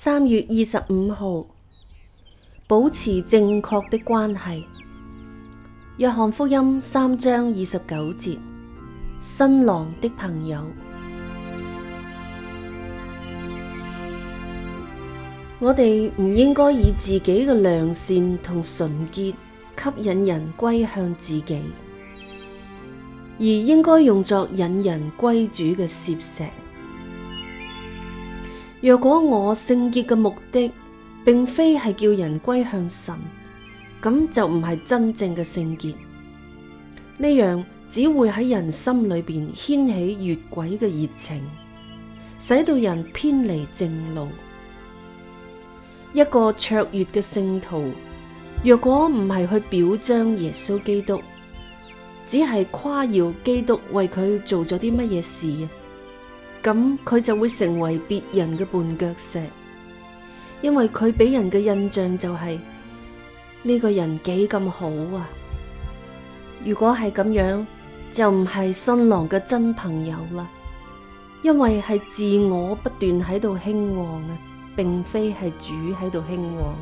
三月二十五號，保持正確的關係。約翰福音三章二十九節，新郎的朋友， 我哋唔應該以自己嘅良善同純潔吸引人歸向自己，而應該用作引人歸主嘅攝石。若果我聖潔嘅目的，並非係叫人歸向神，咁就唔係真正嘅聖潔。呢樣只會喺人心裏面掀起越軌嘅熱情，使到人偏離正路。一個卓越嘅聖徒，若果唔係去表彰耶穌基督，只係誇耀基督為佢做咗啲乜嘢事。咁佢就會成為別人嘅絆腳石，因為佢俾人嘅印象就係呢個人幾咁好啊！如果係咁樣，就唔係新郎嘅真朋友啦。因為係自我不斷喺度興旺啊，並非係主喺度興旺。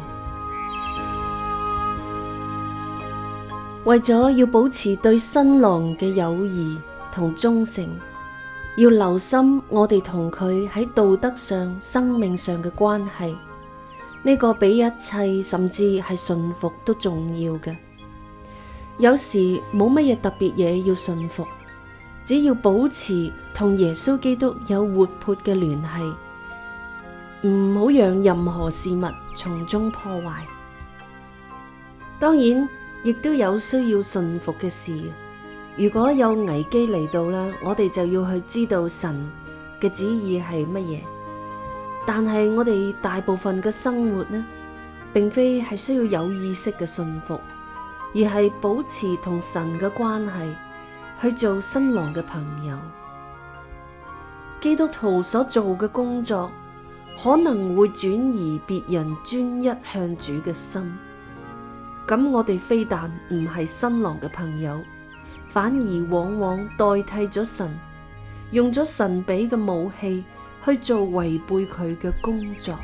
為咗要保持對新郎嘅友誼同忠誠。要留心我哋同佢喺道德上、生命上嘅關係，呢、這個比一切甚至係順服都重要嘅。有時冇乜嘢特別嘢要順服，只要保持同耶穌基督有活潑嘅聯繫，唔好讓任何事物從中破壞。當然，亦都有需要順服嘅事。如果有危機嚟到啦，我哋就要去知道神嘅旨意係乜嘢。但係我哋大部分嘅生活呢，並非係需要有意識嘅信服，而係保持同神嘅關係，去做新郎嘅朋友。基督徒所做嘅工作，可能會轉移別人專一向主嘅心。咁我哋非但唔係新郎嘅朋友。反而往往代替咗神，用咗神畀嘅武器去做違背佢嘅工作。